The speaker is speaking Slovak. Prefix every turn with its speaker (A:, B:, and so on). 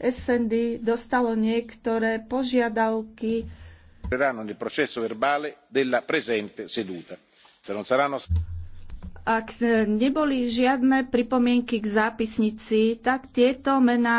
A: SND dostalo niektoré požiadavky
B: Ak neboli žiadne pripomienky k zápisnici, tak tieto mená